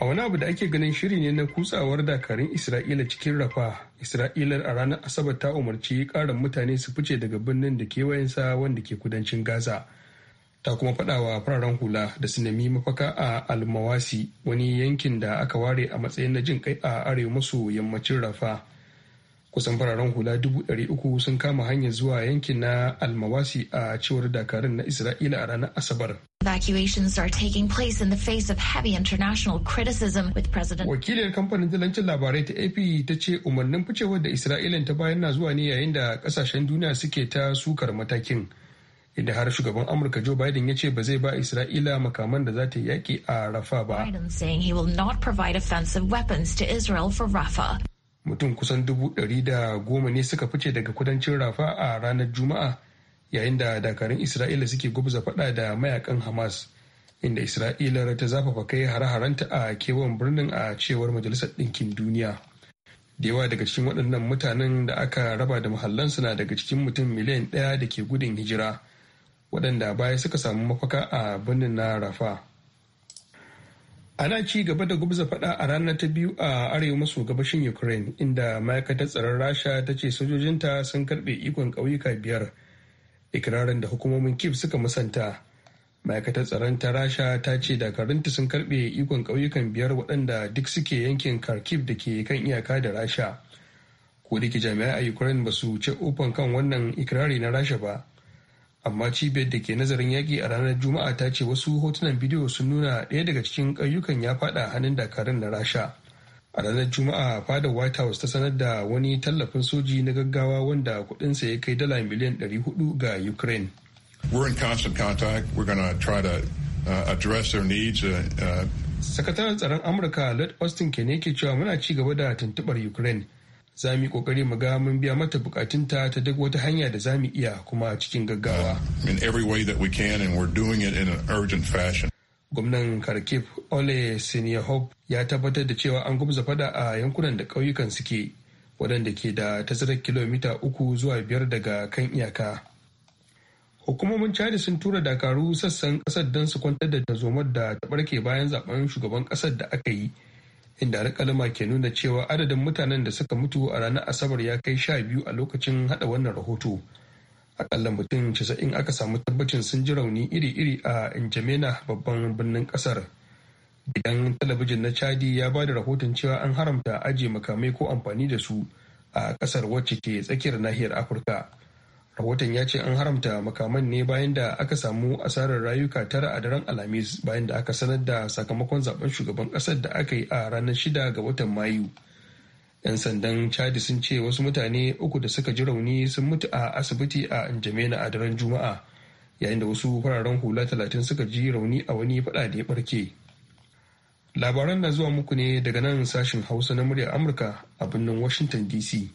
a wani abu da ake ganin shiri ne na kutsawar dakarun isra'ila cikin rafa isra'ila a ranar asabar ta umarci karin mutane su fice daga birnin da kewayensa wanda ke kudancin gaza ta kuma faɗawa fararen hula da su mafaka a almawasi wani yankin da aka ware a matsayin na jin kai a arewa maso yammacin rafa kusan fararen hula dubu ɗari uku sun kama hanyar zuwa yankin na almawasi a cewar dakarun na isra'ila a ranar asabar Evacuations are taking place in the face of heavy international criticism with President. Wakilin kamfanin dalancin labarai ta AP ta ce umarnin ficewar da Isra'ila ta bayan na zuwa ne yayin da kasashen duniya suke ta sukar matakin. inda har shugaban amurka joe biden ya ce ba zai ba isra'ila makaman da za ta yaki a rafa ba mutum kusan dubu ɗari da goma ne suka fice daga kudancin rafa a ranar juma'a yayin da dakarun isra'ila suke gubza faɗa da mayakan hamas inda isra'ila ta zafafa kai hare-harenta a kewan birnin a cewar majalisar ɗinkin duniya da yawa daga cikin waɗannan mutanen da aka raba da muhallansu na daga cikin mutum miliyan ɗaya da ke gudun hijira waɗanda baya suka samu mafaka a birnin na rafa ana ci gaba da gubza fada a ranar ta biyu a arewa maso gabashin ukraine inda ma'aikatar tsaron rasha ta ce sojojinta sun karbe ikon ƙauyuka biyar ikirarin da hukumomin kif suka musanta ma'aikatar tsaron ta rasha ta ce dakarunta sun karbe ikon ƙauyukan biyar waɗanda duk suke yankin kharkiv da ke kan iyaka da rasha ko da ke jami'ai a ukraine ba su ce ofan kan wannan ikirari na rasha ba amma cibiyar da ke nazarin yaƙi a ranar juma'a ta ce wasu hotunan bidiyo sun nuna ɗaya daga cikin ƙauyukan ya faɗa hannun dakarun na rasha a ranar juma'a fadar white house ta sanar da wani tallafin soji na gaggawa wanda kuɗinsa ya kai dala miliyan 400 ga ukraine we're in constant contact we're going try to uh, address their needs uh, uh... sakataren tsaron amurka lord austin ke ne ke cewa muna ci gaba da tuntuɓar ukraine za mu yi kokari mu ga mun biya mata bukatunta ta duk wata hanya da za mu iya kuma cikin gaggawa. In every way that we can and we're doing it in an urgent fashion. Gwamnan Kharkiv Ole Siniyahob ya tabbatar da cewa an gumza fada a yankunan da ƙauyukan suke waɗanda ke da tazarar kilomita uku zuwa biyar daga kan iyaka. Hukumomin Chadi sun tura dakaru sassan ƙasar don su kwantar da tazomar da ta ɓarke bayan zaben shugaban ƙasar da aka yi. inda alƙalama ke nuna cewa adadin mutanen da suka mutu a ranar asabar ya kai sha biyu a lokacin hada wannan rahoto akalla mutum casa'in aka samu tabbacin sun ji rauni iri-iri a injamena babban birnin kasar gidan talabijin na chadi ya ba da rahoton cewa an haramta ajiye makamai ko amfani da su a kasar wacce ke tsakiyar nahiyar afirka rahoton ya ce an haramta makaman ne bayan da aka samu asarar rayuka tara a daren alhamis bayan da aka sanar da sakamakon zaben shugaban kasar da aka yi a ranar shida ga watan mayu yan sandan chadi sun ce wasu mutane uku da suka ji rauni sun mutu a asibiti a njamena a daren juma'a yayin da wasu fararen hula talatin suka ji rauni a wani fada da ya barke labaran na zuwa muku ne daga nan sashen hausa na murya amurka a birnin washington dc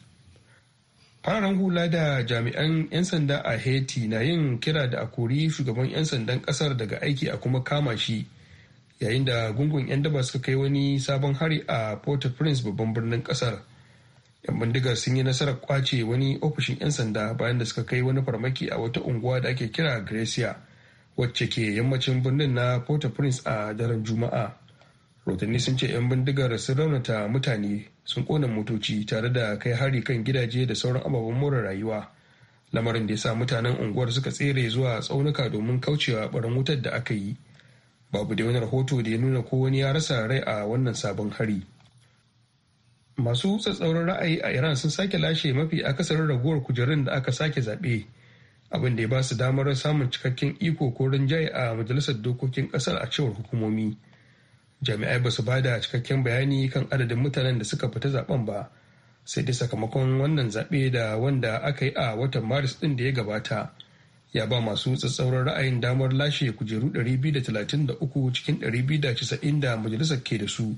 fararen hula da jami'an 'yan sanda a haiti na yin kira da a kori shugaban 'yan sandan kasar daga aiki a kuma kama shi yayin da gungun 'yan daba suka kai wani sabon hari a port prince babban birnin kasar 'yan bindigar sun yi nasarar kwace wani ofishin 'yan sanda bayan da suka kai wani farmaki a wata unguwa da ake kira gracia wacce ke yammacin birnin na port prince a daren juma'a rotanni sun ce 'yan bindigar sun raunata mutane sun kona motoci tare da kai hari kan gidaje da sauran ababen more rayuwa lamarin da ya sa mutanen unguwar suka tsere zuwa tsaunuka domin kaucewa barin wutar da aka yi babu da wani rahoto da ya nuna ko wani ya rasa rai a wannan sabon hari masu tsatsauran ra'ayi a iran sun sake lashe mafi akasarin raguwar kujerun da aka sake zaɓe abin da ya ba su damar samun cikakken iko ko rinjaye a majalisar dokokin ƙasar a cewar hukumomi jami'ai ba su ba da cikakken bayani kan adadin mutanen da suka fita zaben ba sai dai sakamakon wannan zaɓe da wanda aka yi a watan maris ɗin da ya gabata ya ba masu tsatsauran ra'ayin damar lashe kujeru 233 cikin 290 da majalisar ke da su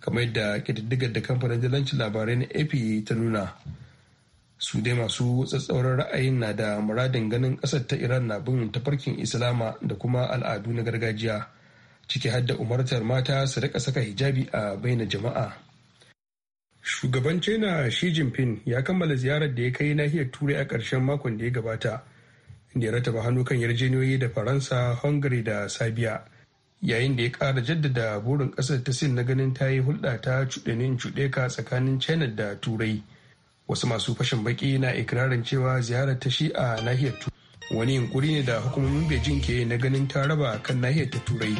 kamar yadda ƙididdigar da kamfanin dalancin labarai na ap ta nuna su dai masu tsatsauran ra'ayin na da muradin ganin ƙasar ta iran na bin tafarkin islama da kuma al'adu na gargajiya ciki har da umartar mata su rika saka hijabi a baina jama'a. Shugaban China Xi Jinping ya kammala ziyarar da ya kai nahiyar Turai a ƙarshen makon da ya gabata, inda ya rataba hannu kan yarjejeniyoyi da Faransa, Hungary da Serbia. yayin da ya ƙara jaddada burin ƙasar ta Sin na ganin ta yi hulɗa ta cuɗanin cuɗeka tsakanin China da Turai. Wasu masu fashin baki na ikirarin cewa ziyarar ta shi a nahiyar Turai. wani yunkuri ne da hukumomin beijing ke na ganin ta raba kan nahiyar ta turai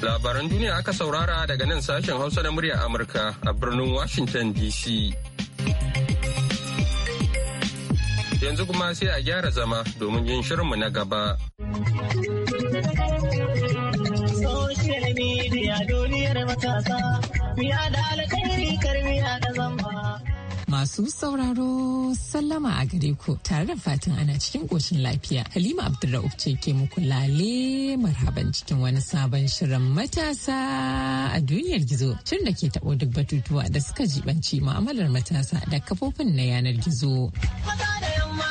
labaran duniya aka saurara daga nan sashen hausa na murya amurka a birnin washington dc yanzu kuma sai a gyara zama domin yin shirinmu na gaba Social media duniyar matasa biya da alkhairi da zamba. Masu sauraro sallama a gare ku tare da fatan ana cikin ƙoshin lafiya. Halima Abdulra'uf ce ke muku lale marhaban cikin wani sabon shirin matasa a duniyar gizo. Shirin da ke taɓo duk batutuwa da suka jibanci mu'amalar matasa da kafofin na yanar gizo. Mata da yamma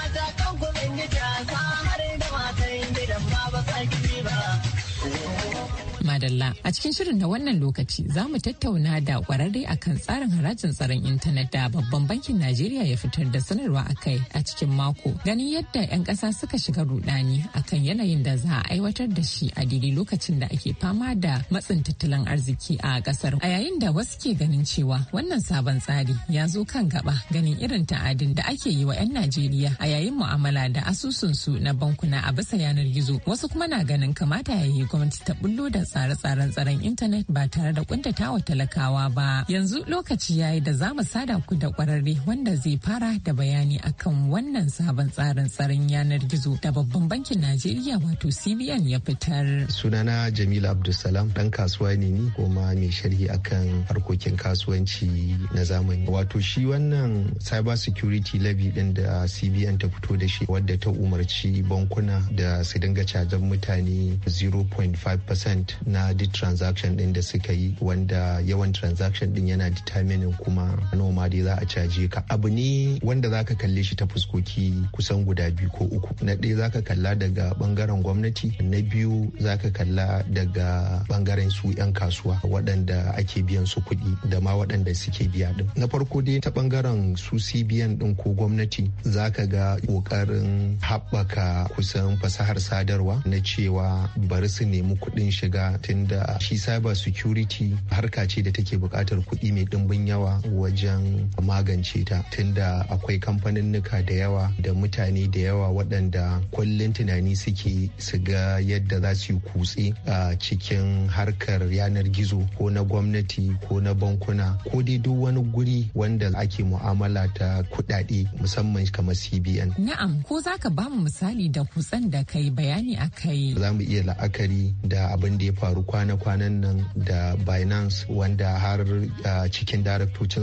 kan dalla A cikin shirin na wannan lokaci za mu tattauna da kwararre akan tsarin harajin tsaron intanet da babban bankin Najeriya ya fitar da sanarwa a kai a cikin mako. Ganin yadda 'yan ƙasa suka shiga rudani akan yanayin da za a aiwatar da shi a daidai lokacin da ake fama da matsin tattalin arziki a ƙasar. A yayin da wasu ke ganin cewa wannan sabon tsari ya zo kan gaba ganin irin ta'adin da ake yi wa 'yan Najeriya a yayin mu'amala da asusunsu na bankuna a bisa yanar gizo. Wasu kuma na ganin kamata ya yi gwamnati ta bullo da tsari. tsare-tsaren tsaron intanet ba tare da kuntatawa talakawa ba. Yanzu lokaci yayi da za mu sada ku da kwararre wanda zai fara da bayani akan wannan sabon tsarin tsaron yanar gizo da babban bankin Najeriya wato CBN ya fitar. Sunana Jamila Abdulsalam dan kasuwa ne ni kuma mai sharhi akan harkokin kasuwanci na zamani. Wato shi wannan cyber security levy din da CBN ta fito da shi wadda ta umarci bankuna da su dinga cajan mutane 0.5% na na duk transaction din da suka yi wanda yawan transaction din yana determining kuma noma dai za a caje ka abu ne wanda za ka kalle shi ta fuskoki kusan guda biyu ko uku na ɗaya za ka kalla daga bangaren gwamnati na biyu za ka kalla daga bangaren su 'yan kasuwa waɗanda ake biyan su kuɗi da ma waɗanda suke biya din na farko dai ta bangaren su cbn din ko gwamnati za ka ga ƙoƙarin haɓaka kusan fasahar sadarwa na cewa bari su nemi kuɗin shiga da shi cyber security harka ce da take buƙatar kuɗi mai ɗimbin yawa wajen magance ta tunda akwai kamfaninnika da yawa da mutane da yawa waɗanda kullum tunani suke su ga yadda za su yi kutse a cikin harkar yanar gizo ko na gwamnati ko na bankuna ko dai duk wani guri wanda ake mu'amala ta kuɗaɗe musamman kamar cbn na'am ko za ka ba mu misali da kutsen da kai bayani a kai za mu iya la'akari da abin da ya faru faru kwana-kwanan nan da binance wanda har cikin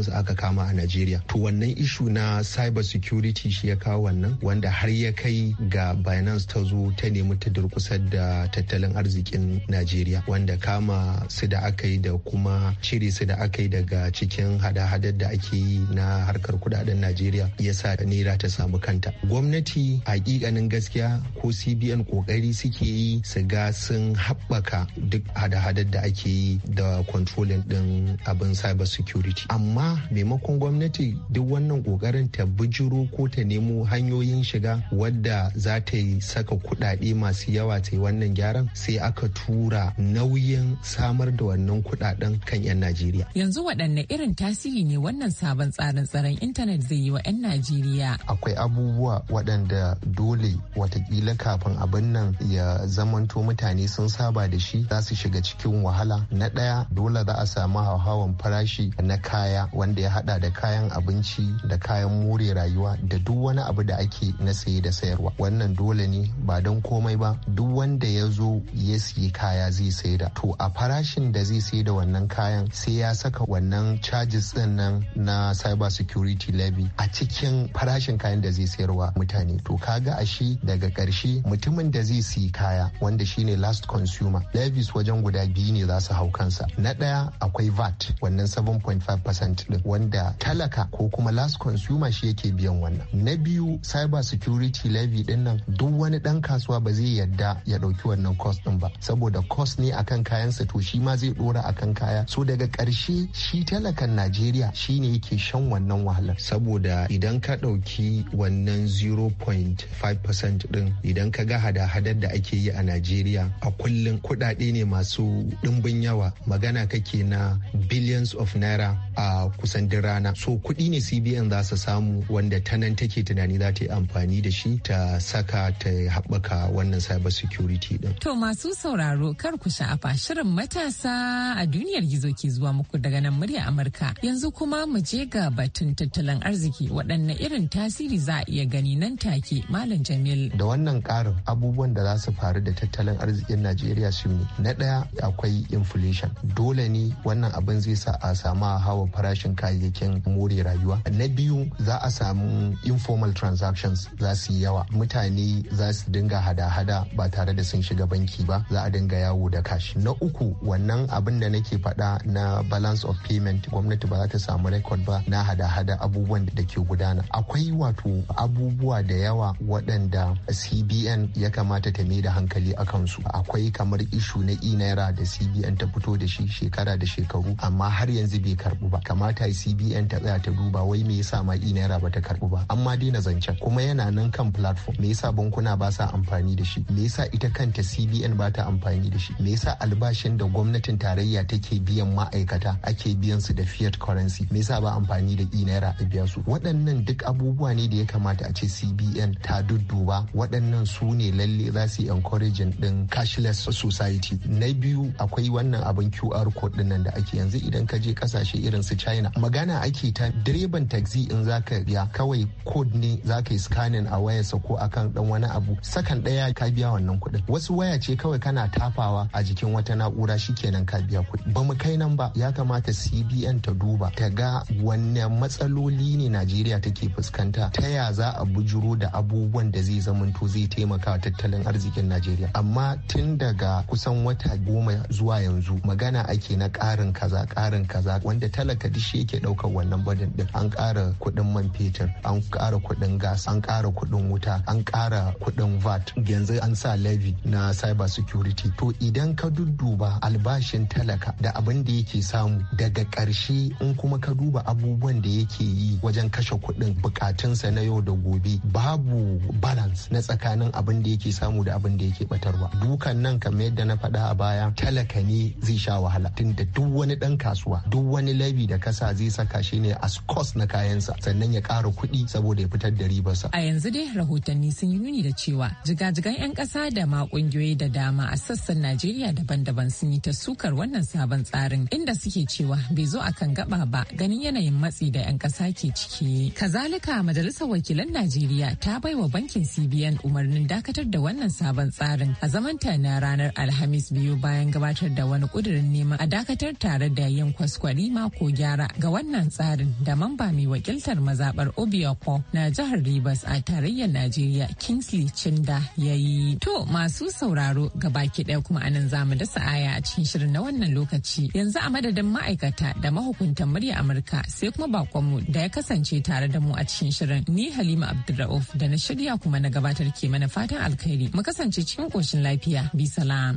su aka kama a najeriya to wannan ishu na cyber security shi ya kawo wannan wanda har ya kai ga binance ta zo ta nemi ta durkusar da tattalin arzikin najeriya wanda kama su da aka yi da kuma cire su da aka yi daga cikin hada-hadar da ake yi na harkar kudaden najeriya ya sa naira ta samu kanta gwamnati hakikanin gaskiya ko cbn kokari suke yi su ga sun haɓaka duk hada-hadar da ake yi da controlling din abin cyber security amma maimakon gwamnati duk wannan kokarin ta bijiro ko ta nemo hanyoyin shiga wadda za ta yi saka kudade masu yawa ta yi wannan gyaran sai aka tura nauyin samar da wannan kudaden kan 'yan najeriya yanzu waɗanne irin tasiri ne wannan sabon tsarin tsaron intanet zai yi wa 'yan najeriya akwai abubuwa waɗanda dole watakila kafin abin nan ya zamanto mutane sun saba da shi za su shiga cikin wahala na ɗaya dole za a samu hauhawan farashi na kaya wanda ya hada da kayan abinci da kayan more rayuwa da duk wani abu da ake na saye da sayarwa wannan dole ne ba don komai ba duk wanda ya zo ya siye kaya zai da to a farashin da zai da wannan kayan sai ya saka wannan charges din nan na cyber security levy a cikin farashin kayan da zai sayarwa mutane to kaga ashe daga ƙarshe mutumin da zai siyi kaya wanda shine last consumer levies wajen guda biyu ne za su hau kansa na ɗaya akwai vat wannan 7.5% din wanda talaka ko kuma last consumer shi yake biyan wannan na biyu cyber security levy din nan duk wani ɗan kasuwa ba zai yadda ya ɗauki wannan cost din ba saboda cost ne akan kayansa to shi ma zai ɗora akan kaya so daga ƙarshe shi talakan najeriya ne yake shan wannan wahalar saboda idan ka ɗauki wannan 0.5% din idan ka ga hada-hadar da ake yi a najeriya a kullum kuɗaɗe ne masu ɗimbin yawa magana kake na billions of naira a kusan din rana so kuɗi ne cbn za su samu wanda ta nan take tunani za ta yi amfani da shi ta saka ta haɓaka wannan cyber security din to masu sauraro kar ku sha'afa shirin matasa a duniyar gizo ke zuwa muku daga nan murya amurka yanzu kuma mu je ga batun tattalin arziki waɗanne irin tasiri za a iya gani nan take malam jamil da wannan ƙarin abubuwan da za su faru da tattalin arzikin najeriya su ne na daya akwai inflation dole ne wannan abin zai sa a samu hawa farashin kayayyakin more rayuwa na biyu za a samu informal transactions za su yi yawa mutane za su dinga hada-hada ba tare da sun shiga banki ba za a dinga yawo da cash na uku wannan abin da nake faɗa na balance of payment gwamnati ba za ta samu record ba na hada-hada abubuwan da ke gudana akwai wato abubuwa da yawa waɗanda cbn ya kamata ta mai da hankali a kansu akwai kamar ishu na kuɗi naira da cbn ta fito da shi shekara da shekaru amma har yanzu bai karɓu ba kamata cbn ta tsaya ta duba wai me yasa ma i naira ba ta ba amma dai na zancen kuma yana nan kan platform me yasa bankuna ba sa amfani da shi me yasa ita kanta cbn ba ta amfani da shi me yasa albashin da gwamnatin tarayya take biyan ma'aikata ake biyan su da fiat currency me yasa ba amfani da i naira a biya su waɗannan duk abubuwa ne da ya kamata a ce cbn ta dudduba waɗannan su ne lalle za su yi encouraging din cashless society na biyu akwai wannan abin qr code dinnan da ake yanzu idan ka je kasashe irin su china magana ake ta direban taxi in zaka biya kawai code ne zaka yi scanning a wayarsa ko akan dan wani abu sakan daya ka biya wannan kuɗin wasu waya ce kawai kana tafawa a jikin wata na'ura shikenan ka biya kuɗi ba mu kai nan ba ya kamata cbn ta duba ta ga wanne matsaloli ne najeriya take fuskanta ta ya za a bujuro da abubuwan da zai zamanto zai taimaka tattalin arzikin najeriya amma tun daga kusan wata wata goma zuwa yanzu magana ake na ƙarin kaza ƙarin kaza wanda talaka duk shi yake ɗaukar wannan badin din an ƙara kuɗin man fetur an ƙara kuɗin gas an ƙara kuɗin wuta an ƙara kuɗin vat yanzu an sa levy na cyber security to idan ka dudduba albashin talaka da abin da yake samu daga ƙarshe in kuma ka duba abubuwan da yake yi wajen kashe kuɗin bukatunsa na yau da gobe babu balance na tsakanin abin da yake samu da abin da yake batarwa dukan nan kamar yadda na faɗa a baya talaka ne zai sha wahala tun da duk wani dan kasuwa duk wani labi da kasa zai saka shi ne as cost na kayansa sannan ya ƙara kuɗi saboda ya fitar da ribarsa. A yanzu dai rahotanni sun yi nuni da cewa jigajigan 'yan ƙasa da ma ƙungiyoyi da dama a sassan Najeriya daban-daban sun yi ta sukar wannan sabon tsarin inda suke cewa bai zo a kan gaba ba ganin yanayin matsi da 'yan ƙasa ke ciki. Kazalika Majalisar Wakilan Najeriya ta baiwa bankin CBN umarnin dakatar da wannan sabon tsarin a zamanta na ranar Alhamis biyu biyu bayan gabatar da wani kudirin nema a dakatar tare da yin kwaskwari mako gyara ga wannan tsarin da mamba mai wakiltar mazabar Obiako na jihar Rivers a tarayyar Najeriya Kingsley Chinda ya yi. To masu sauraro ga baki ɗaya kuma anan zamu dasa aya a cikin shirin na wannan lokaci yanzu a madadin ma'aikata da mahukuntan murya Amurka sai kuma bakonmu da ya kasance tare da mu a cikin shirin ni Halima Abdulrauf da na shirya kuma na gabatar ke mana fatan alkhairi mu kasance cikin koshin lafiya bi salam.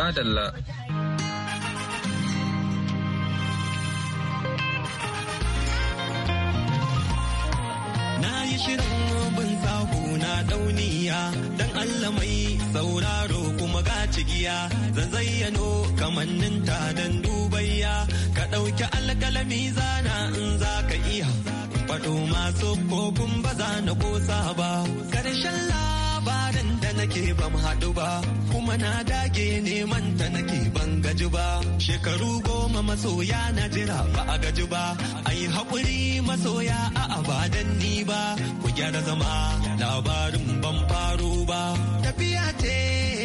Madalla. Na yi shirin robin sako na dauniya dan Allah mai sauraro kuma ga cigiya zan zayyano kamanninta dan dubayya ka ɗauki alkalami zana in za ka iya faɗo masu kofin ba na ƙosa ba karshen la labarin da nake ban haɗu ba kuma na dage neman ta nake ban gaji ba shekaru goma masoya na jira ba a gaji ba ai haƙuri masoya a abadan ni ba ku gyara zama labarin ban faru ba tafiya ce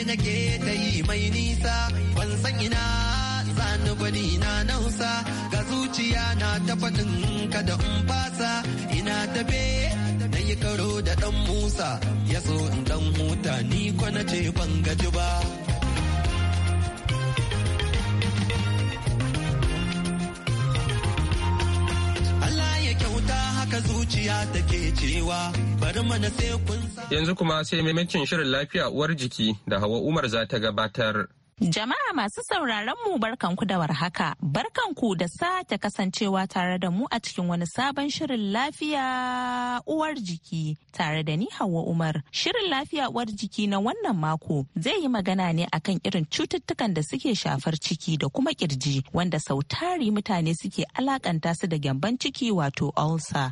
nake ta yi mai nisa ban san ina sani gwani na nausa ga zuciya na ta faɗin kada in fasa ina tafe yi karo da ɗan Musa ya so in ɗan huta ni kwana ce ban gaji ba. Yanzu kuma sai maimacin shirin lafiya uwar jiki da hawa Umar za ta gabatar. Jama'a masu sauraron mu barkanku da warhaka, barkanku da sake kasancewa tare da mu a cikin wani sabon shirin lafiya uwar jiki tare da ni Hauwa Umar. Shirin lafiya uwar jiki na wannan mako zai yi magana ne akan irin cututtukan da suke shafar ciki da kuma kirji wanda sautari mutane suke alakanta su da gyamban ciki wato ulcer.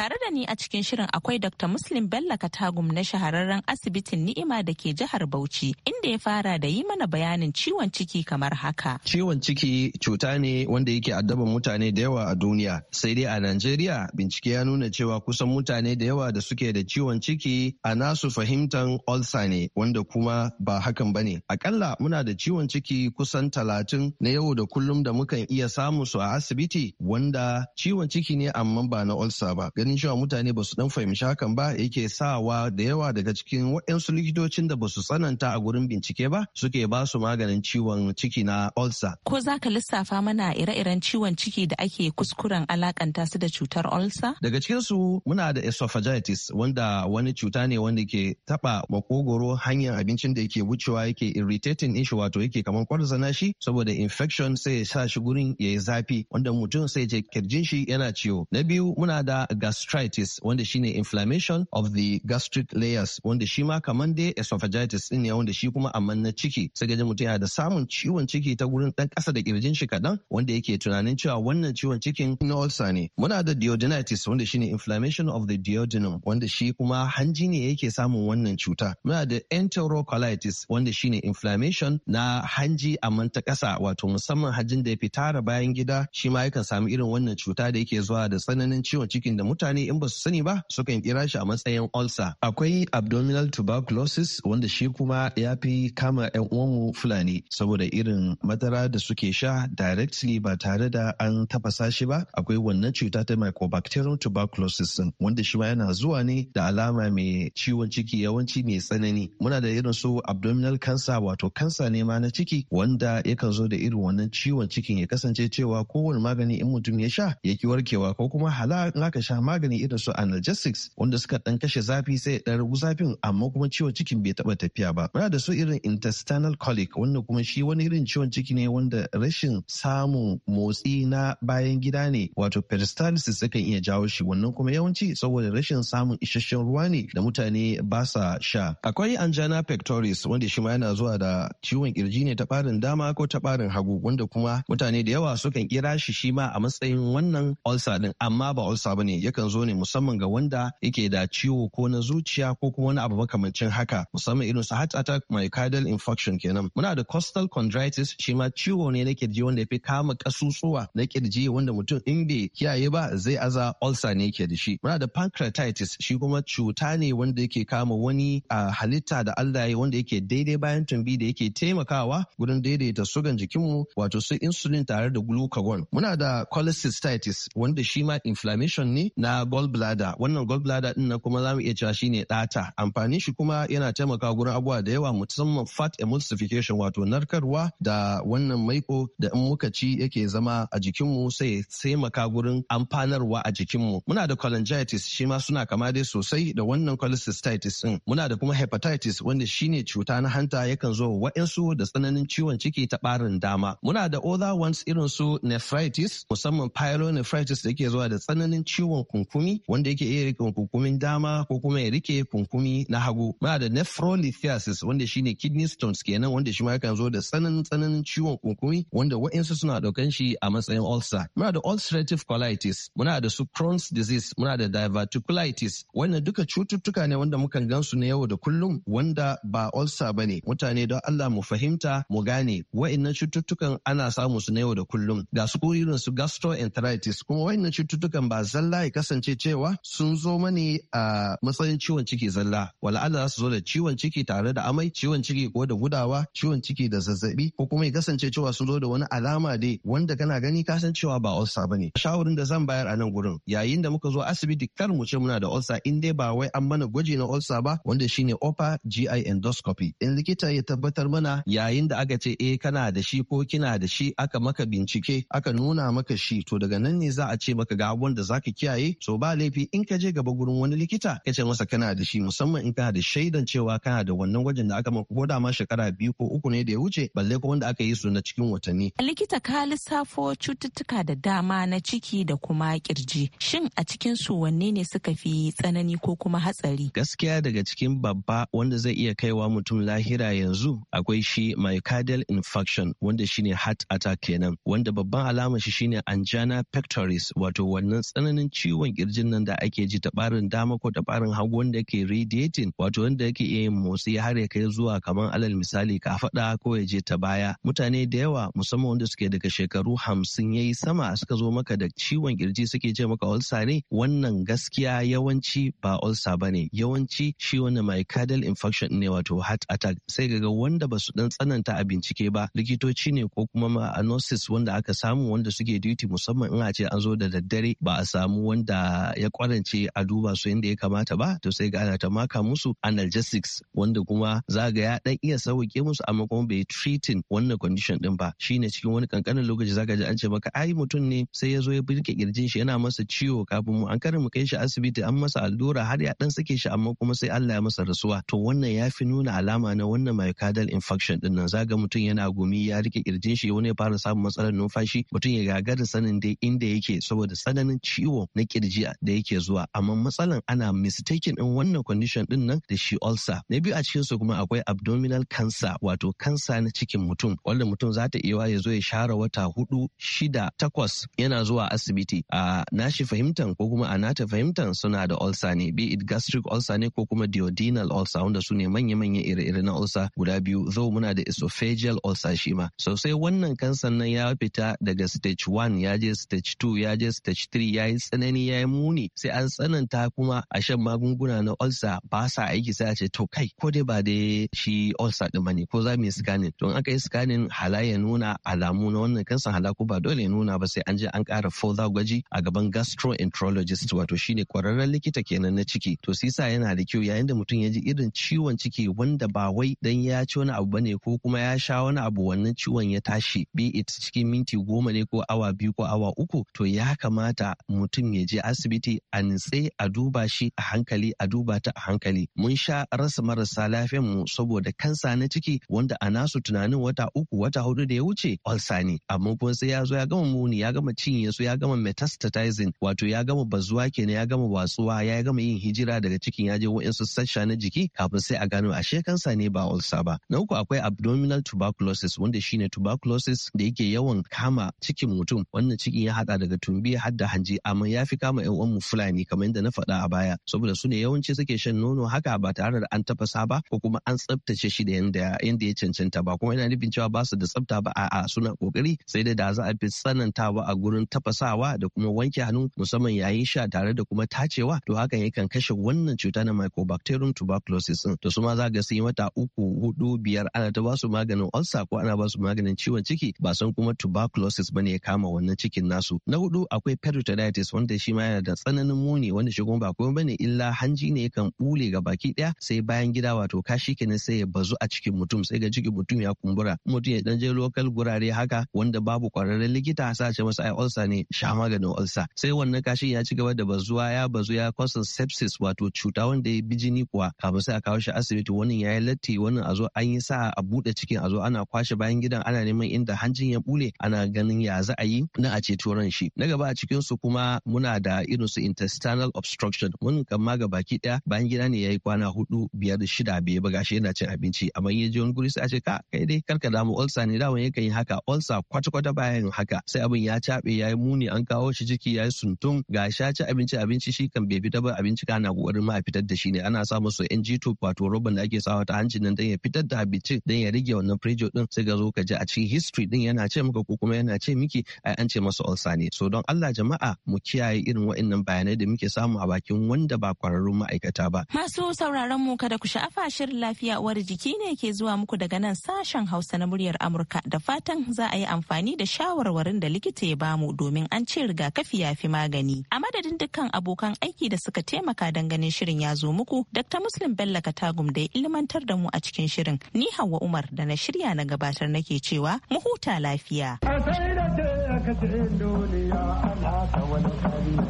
Tare da ni a cikin shirin akwai Dr. Muslim Bello Katagum na shahararren asibitin Ni'ima da ke jihar Bauchi inda ya fara da yi mana bayanin ciwon ciki kamar haka. Ciwon ciki cuta ne wanda yake addaban mutane da yawa a duniya. Sai dai a Najeriya bincike ya nuna cewa kusan mutane da yawa da suke da ciwon ciki a nasu fahimtan ulcer ne wanda kuma ba hakan ba ne. Akalla muna da ciwon ciki kusan talatin na yau da kullum da mukan iya samu su a asibiti wanda ciwon ciki ne amma ba na ulcer ba. ganin cewa mutane ba su dan fahimci hakan ba yake sawa da yawa daga cikin waɗansu likitocin da ba su tsananta a gurin bincike ba suke ba su maganin ciwon ciki na ulcer. Ko za ka lissafa mana ire-iren ciwon ciki da ake kuskuren alakanta su da cutar ulcer? Daga cikin su muna da esophagitis wanda wani cuta ne wanda ke taɓa makogoro hanyar abincin da yake wucewa yake irritating ishi wato yake kamar kwarzana shi saboda infection sai ya sa shi gurin ya yi zafi wanda mutum sai je kirjin shi yana ciwo. Na biyu muna da gas gastritis wanda shine inflammation of the gastric layers wanda shi ma kaman dai esophagitis din ne wanda shi kuma amman na ciki sai ga mutum yana da samun ciwon ciki ta gurin dan kasa da kirjin shi kadan wanda yake tunanin cewa wannan ciwon cikin na ulcer ne muna da duodenitis wanda shine inflammation of the duodenum wanda shi kuma hanji ne yake samun wannan cuta muna da enterocolitis wanda shine inflammation na hanji amman ta kasa wato musamman hajin da ya fitara bayan gida shi ma yakan samu irin wannan cuta da yake zuwa da tsananin ciwon cikin da mutane mutane in ba su sani ba sukan kira shi a matsayin ulcer akwai abdominal tuberculosis wanda shi kuma ya fi kama yan uwanmu fulani saboda irin madara da suke sha directly ba tare da an tafasa shi ba akwai wannan cuta ta mycobacterium tuberculosis wanda shi ma yana zuwa ne da alama mai ciwon ciki yawanci mai tsanani muna da irin su abdominal cancer wato kansa ne ma na ciki wanda yakan zo da irin wannan ciwon cikin ya kasance cewa kowane magani in mutum ya sha ya ki warkewa ko kuma hala in aka sha magani irin su analgesics wanda suka dan kashe zafi sai ya ragu zafin amma kuma ciwon cikin bai taba tafiya ba muna da su irin intestinal colic wanda kuma shi wani irin ciwon ciki ne wanda rashin samun motsi na bayan gida ne wato peristalsis sukan iya jawo shi wannan kuma yawanci saboda rashin samun isasshen ruwa ne da mutane ba sa sha akwai angina pectoris wanda shi ma yana zuwa da ciwon kirji ne ta barin dama ko ta barin hagu wanda kuma mutane da yawa sukan kira shi shi ma a matsayin wannan ulcer din amma ba ulcer bane yakan yakan zo ne musamman ga wanda yake da ciwo ko na zuciya ko kuma wani abu makamancin haka musamman irin su heart attack myocardial infarction kenan muna da costal chondritis shi ma ciwo ne na kirji wanda ya fi kama kasusuwa na kirji wanda mutum in bai kiyaye ba zai aza ulcer ne ke da shi muna da pancreatitis shi kuma cuta ne wanda yake kama wani a halitta da Allah ya wanda yake daidai bayan tumbi da yake taimakawa gurin daidaita sugan jikinmu wato su insulin tare da glucagon muna da cholecystitis wanda shi ma inflammation ne na na gallbladder wannan gallbladder din na kuma za mu iya cewa ne ɗata amfanin shi kuma yana taimaka gurin abubuwa da yawa musamman fat emulsification wato narkarwa da wannan maiko da in muka ci yake zama a jikinmu sai taimaka gurin amfanarwa a jikinmu muna da cholangitis shi ma suna kama dai sosai da wannan cholecystitis din muna da kuma hepatitis wanda shine cuta na hanta yakan zo wa'insu da tsananin ciwon ciki ta barin dama muna da other ones irin su nephritis musamman pyelonephritis da yake zuwa da tsananin ciwon kunkumi wanda yake iya rike kunkumin dama ko kuma ya rike kunkumi na hagu muna da nephrolithiasis wanda shine kidney stones kenan wanda shi ma yakan zo da tsananin tsananin ciwon kunkumi wanda wa'insu suna daukan shi a matsayin ulcer muna da ulcerative colitis muna da su Crohn's disease muna da diverticulitis wanda duka cututtuka ne wanda mukan gansu na yau da kullum wanda ba ulcer bane mutane don Allah mu fahimta mu gane wa'annan cututtukan ana samu su na yau da kullum ga su irin su gastroenteritis kuma wa'annan cututtukan ba zalla ya kasance cewa sun zo mani a matsayin ciwon ciki zalla wala za su zo da ciwon ciki tare da amai ciwon ciki ko da gudawa ciwon ciki da zazzabi ko kuma ya kasance cewa sun zo da wani alama dai wanda kana gani ka san cewa ba ulcer bane shawarin da zan bayar a nan gurin yayin da muka zo asibiti kar mu ce muna da ulcer in dai ba wai an mana gwaji na ulcer ba wanda shine opa GI endoscopy in likita ya tabbatar mana yayin da aka ce eh kana da shi ko kina da shi aka maka bincike aka nuna maka shi to daga nan ne za a ce maka ga abubuwan da zaka kiyaye so ba laifi in ka je gaba gurin wani likita ka ce masa kana da shi musamman in kana da shaidan cewa kana da wannan gwajin da aka ko da ma shekara biyu ko uku ne da ya wuce balle ko wanda aka yi su na cikin watanni. likita ka lissafo cututtuka da dama na ciki da kuma kirji shin a cikin su wanne ne suka fi tsanani ko kuma hatsari. gaskiya daga cikin babba wanda zai iya kaiwa mutum lahira yanzu akwai shi myocardial infarction wanda shine heart attack kenan wanda babban alamar shi shine anjana pectoris wato wannan tsananin ciwon samun kirjin nan da ake ji ta dama ko ta barin hagu wanda yake radiating wato wanda yake iya yin motsi har ya kai zuwa kamar alal misali kafada ko ya je ta baya mutane da yawa musamman wanda suke daga shekaru hamsin ya yi sama suka zo maka da ciwon kirji suke ce maka ulsa ne wannan gaskiya yawanci ba ulsa ba ne yawanci shi wannan myocardial infarction ne wato heart attack sai ga wanda ba su dan tsananta a bincike ba likitoci ne ko kuma ma anosis wanda aka samu wanda suke duty musamman in a ce an zo da daddare ba a samu wanda ya kwarance a duba su yadda ya kamata ba to sai ga ana ta maka musu analgesics wanda kuma za ga ya dan iya sauke musu amma kuma bai treating wannan condition din ba shine cikin wani kankanin lokaci zaka ji an ce maka ai mutum ne sai ya zo ya birke kirjin shi yana masa ciwo kafin mu an karin mu kai shi asibiti an masa allura har ya dan sake shi amma kuma sai Allah ya masa rasuwa to wannan ya fi nuna alama na wannan myocardial infarction din nan zaga mutum yana gumi ya rike kirjin shi wani ya fara samun matsalar numfashi mutum ya gagara sanin dai inda yake saboda tsananin ciwo na kirji da yake zuwa amma matsalan ana mistaken din wannan condition din nan da shi ulcer na biyu a cikin su kuma akwai abdominal cancer wato kansa na cikin mutum wanda mutum za ta iya ya zo ya share wata hudu shida takwas yana zuwa asibiti a nashi fahimtan ko kuma a nata fahimtan suna da ulcer ne be it gastric ulcer ne ko kuma duodenal ulcer wanda su ne manya-manya ire-ire na ulcer guda biyu zo muna da esophageal ulcer shi ma sosai wannan cancer nan ya fita daga stage 1 ya je stage 2 ya je stage 3 ya yi tsanani yi muni sai an tsananta kuma a shan magunguna na ulcer ba sa aiki sai a ce to kai ko dai ba dai shi ulcer din ne ko za mu yi scanning don aka yi scanning hala ya nuna alamu na wannan kansan hala ko ba dole ya nuna ba sai an je an kara further gwaji a gaban gastroenterologist wato shine kwararren likita kenan na ciki to sa yana da kyau yayin da mutum ya ji irin ciwon ciki wanda ba wai dan ya ci wani abu bane ko kuma ya sha wani abu wannan ciwon ya tashi be it cikin minti goma ne ko awa biyu ko awa uku to ya kamata mutum ya je asibiti a nitse a duba shi a hankali a duba ta a hankali mun sha rasa marasa lafiyan mu saboda kansa na ciki wanda a nasu tunanin wata uku wata hudu da ya wuce Olsa ne amma kuma sai ya zo ya gama muni ya gama cinye su ya gama metastatizing wato ya gama bazuwa kenan ya gama watsuwa ya gama yin hijira daga cikin ya je wa'insu sassa na jiki kafin sai a gano ashe kansa ne ba Olsa ba na uku akwai abdominal tuberculosis wanda shine tuberculosis da yake yawan kama cikin mutum wannan cikin ya hada daga tumbi har da hanji amma ya fi kama yan uwanmu fulani kamar yadda na faɗa a baya saboda su ne yawanci suke shan nono haka ba tare da an tafasa ba ko kuma an tsaftace shi da yanda ya cancanta ba kuma yana nufin cewa ba su da tsafta ba a'a suna kokari sai da da za a fi tsanantawa a gurin tafasawa da kuma wanke hannu musamman yayin sha tare da kuma tacewa to hakan yakan kashe wannan cuta na mycobacterium tuberculosis to su ma za ga sun yi mata uku hudu biyar ana ta ba su maganin ulcer ko ana ba su maganin ciwon ciki ba san kuma tuberculosis bane ya kama wannan cikin nasu na hudu akwai peritonitis wanda shi ma kuma yana da tsananin muni wanda shi kuma ba komai bane illa hanji ne yakan bule ga baki daya sai bayan gida wato kashi kenan sai ya bazu a cikin mutum sai ga cikin mutum ya kumbura mutum ya dan je local gurare haka wanda babu kwararren likita sa ce masa ai ulcer ne sha maganin ulcer sai wannan kashin ya ci gaba da bazuwa ya bazu ya cause sepsis wato cuta wanda ya bi jini kuwa kafin sai a kawo shi asibiti wannan ya yi latti wannan a zo an yi sa a bude cikin a zo ana kwashe bayan gidan ana neman inda hanjin ya bule ana ganin ya za a yi na a ceto ran shi na gaba a cikin su kuma muna da da irin su intestinal obstruction mun kama ga baki daya bayan gida ne ya yi kwana hudu biyar da shida bai ba gashi yana cin abinci amma ya je wani guri sai a ce ka kai dai ka damu ulcer ne wani yakan yi haka ulcer kwata kwata bayan haka sai abin ya ya yi muni an kawo shi jiki yayi suntun ga sha ci abinci abinci shi kan bai fita ba abinci ka? kana kokarin ma fitar da shi ne ana sa musu NG tube wato roban da ake sawa ta hancin nan dan ya fitar da abincin dan ya rage wannan prejo din sai ga zo ka ji a cikin history din yana ce maka ko kuma yana ce miki ai an ce masa ulcer ne so don Allah jama'a mu kiyaye irin irin wa'annan bayanai da muke samu a bakin wanda ba kwararrun ma'aikata ba. Masu sauraron mu kada ku sha'afa shirin lafiya uwar jiki ne ke zuwa muku daga nan sashen Hausa na muryar Amurka da fatan za a yi amfani da shawarwarin da likita ya bamu domin an ce rigakafi ya fi magani. A madadin dukkan abokan aiki da suka taimaka don ganin shirin ya zo muku, Dr. Muslim Bello Katagum da ya ilmantar da mu a cikin shirin. Ni Hauwa Umar da na shirya na gabatar nake cewa mu huta lafiya. da duniya Allah ta wani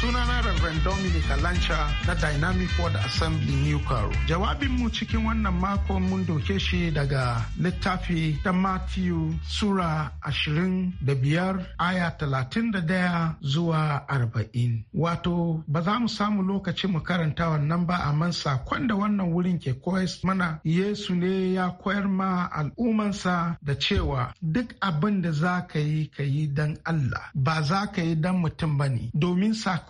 sunana Reverend Dominic Alancha na Dynamic world Assembly New Caro. Jawabin mu cikin wannan mako mun doke shi daga littafi ta Matthew Sura ashirin da biyar aya talatin da daya zuwa arba'in. Wato ba za mu samu lokaci mu karanta wannan ba a man sakon da wannan wurin ke koyar mana Yesu ne ya koyar ma al'umansa da cewa duk abin da za ka yi ka yi don Allah ba za ka yi don mutum ba ne domin sakon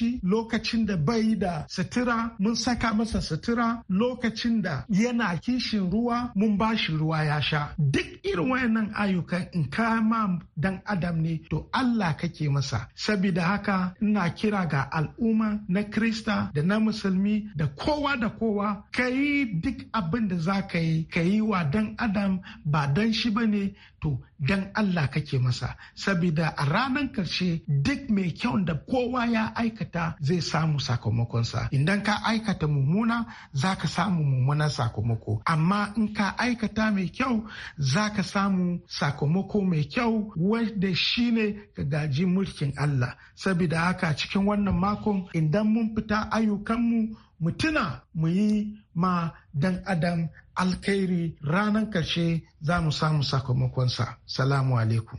abinci lokacin da bai da sutura mun saka masa sutura lokacin da yana kishin ruwa mun ba shi ruwa ya sha duk irin wayannan ayyukan in ka ma dan adam ne to Allah kake masa saboda haka ina kira ga al'umma na krista da na musulmi da kowa da kowa ka yi duk abin da za ka yi ka yi wa dan adam ba dan shi ba ne to dan Allah kake masa saboda a ranar karshe duk mai kyau da kowa ya aikata aikata zai samu sakamakonsa idan ka aikata mummuna za ka samu mummunan sakamako amma in ka aikata mai kyau za ka samu sakamako mai kyau wanda ne ka gaji mulkin Allah saboda haka cikin wannan makon idan mun fita ayyukanmu mu tuna mu yi ma dan adam alkhairi ranar karshe za mu samu sakamakonsa salamu alaikum